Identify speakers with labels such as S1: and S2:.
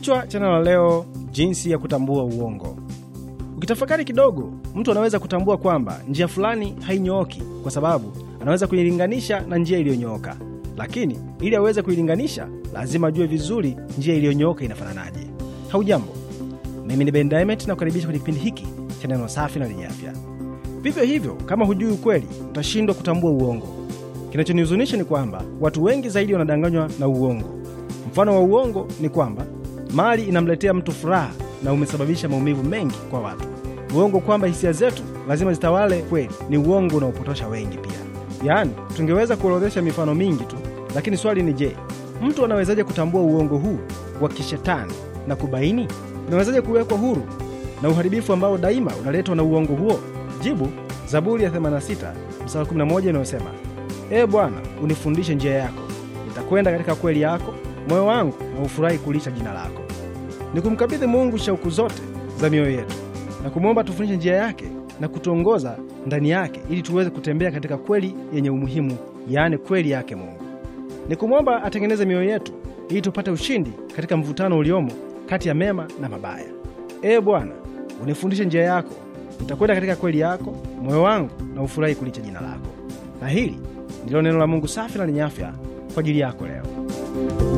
S1: Kichwa cha neno la leo, jinsi ya kutambua uongo. Ukitafakari kidogo, mtu anaweza kutambua kwamba njia fulani hainyooki kwa sababu anaweza kuilinganisha na njia iliyonyooka, lakini ili aweze kuilinganisha lazima ajue vizuri njia iliyonyooka inafananaje. Haujambo, mimi ni bendamet na kukaribisha kwenye kipindi hiki cha neno safi na lenye afya. Vivyo hivyo, kama hujui ukweli, utashindwa kutambua uongo. Kinachonihuzunisha ni kwamba watu wengi zaidi wanadanganywa na uongo. Mfano wa uongo ni kwamba Mali inamletea mtu furaha na umesababisha maumivu mengi kwa watu. Uongo kwamba hisia zetu lazima zitawale kweli ni uongo unaopotosha wengi pia. Yaani, tungeweza kuorodhesha mifano mingi tu, lakini swali ni je, mtu anawezaje kutambua uongo huu wa kishetani na kubaini? Unawezaje kuwekwa huru na uharibifu ambao daima unaletwa na uongo huo? Jibu, Zaburi ya 86 mstari 11 inayosema, Ee Bwana, unifundishe njia yako, nitakwenda katika kweli yako moyo wangu ufurahi kulisha jina lako. kumkabidhi Mungu shauku zote za mioyo yetu na kumwomba tufundishe njia yake na kutuongoza ndani yake, ili tuweze kutembea katika kweli yenye umuhimu, yaani kweli yake Mungu. kumwomba atengeneze mioyo yetu ili tupate ushindi katika mvutano uliomo kati ya mema na mabaya. Ee Bwana, unifundishe njia yako, nitakwenda katika kweli yako, moyo wangu na ufurahi kulicha jina lako. Na hili ndilo neno la Mungu safi na lenye afya kwa ajili yako leo.